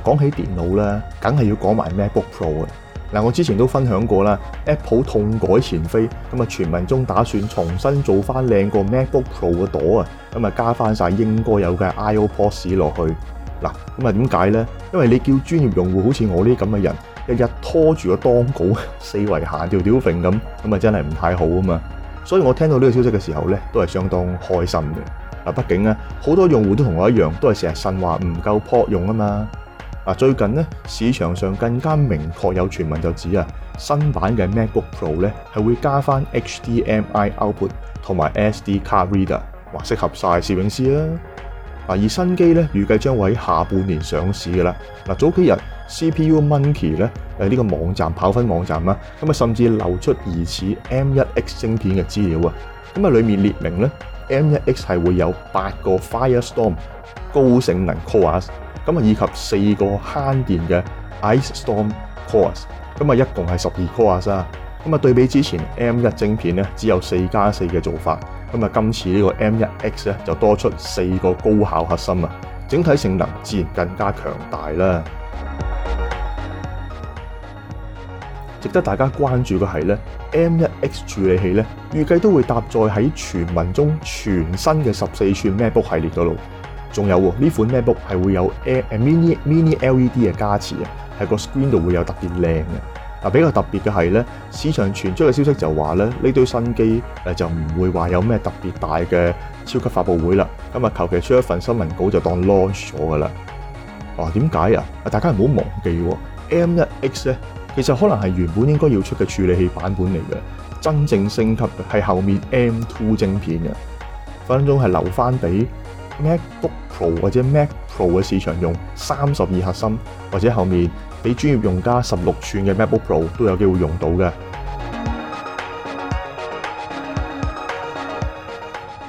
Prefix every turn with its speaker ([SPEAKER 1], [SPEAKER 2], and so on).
[SPEAKER 1] 講起電腦咧，梗係要講埋 MacBook Pro 啊！嗱，我之前都分享過啦，Apple 痛改前非，咁啊傳聞中打算重新做翻靚個 MacBook Pro 嘅朵啊，咁啊加翻晒應該有嘅 I/O ports 落去。嗱，咁啊點解咧？因為你叫專業用戶好似我呢啲咁嘅人，日日拖住個當稿四圍行，吊吊揈咁，咁啊真係唔太好啊嘛。所以我聽到呢個消息嘅時候咧，都係相當開心嘅。嗱，畢竟咧好多用戶都同我一樣，都係成日呻話唔夠 port 用啊嘛。最近市場上更加明確有傳聞就指、啊、新版嘅 MacBook Pro 咧係會加返 HDMI output 同埋 SD card reader，話適合曬攝影師。而新機預計將會喺下半年上市嘅。早幾日 CPU Monkey 咧，誒、這、呢個網站跑分網站甚至流出疑似 M1X 晶片嘅資料，咁裡面列明 M1X 係會有八個 Firestorm 高性能 cores 以及四個慳電嘅 Ice Storm cores，e 一共係十二 cores e，對比之前 M 一晶片只有四加四嘅做法，今次呢個 M 一 X 就多出四個高效核心，整體性能自然更加強大啦。值得大家關注嘅係 M 一 X 處理器預計都會搭載喺傳聞中全新嘅十四寸 MacBook 系列度。仲有喎，呢款 MacBook 係會有 A、uh, Mini Mini LED 嘅加持，啊，係個 screen 度會有特別靚嘅。嗱、啊，比較特別嘅係咧，市場傳出嘅消息就話咧，呢堆新機誒、啊、就唔會話有咩特別大嘅超級發布會啦。今日求其出一份新聞稿就當 launch 咗噶啦。啊，點解啊？啊，大家唔好忘記喎、哦，M 一 X 咧其實可能係原本應該要出嘅處理器版本嚟嘅，真正升級嘅係後面 M Two 晶片嘅。分分鐘係留翻俾。MacBook Pro 或者 Mac Pro 嘅市場用三十二核心，或者後面俾專業用家十六寸嘅 MacBook Pro 都有機會用到嘅。